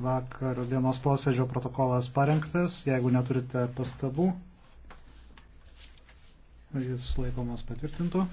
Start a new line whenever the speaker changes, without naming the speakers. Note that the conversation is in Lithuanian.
vakar dienos posėdžio protokolas parengtas. Jeigu neturite pastabų, jis laikomas patvirtintų.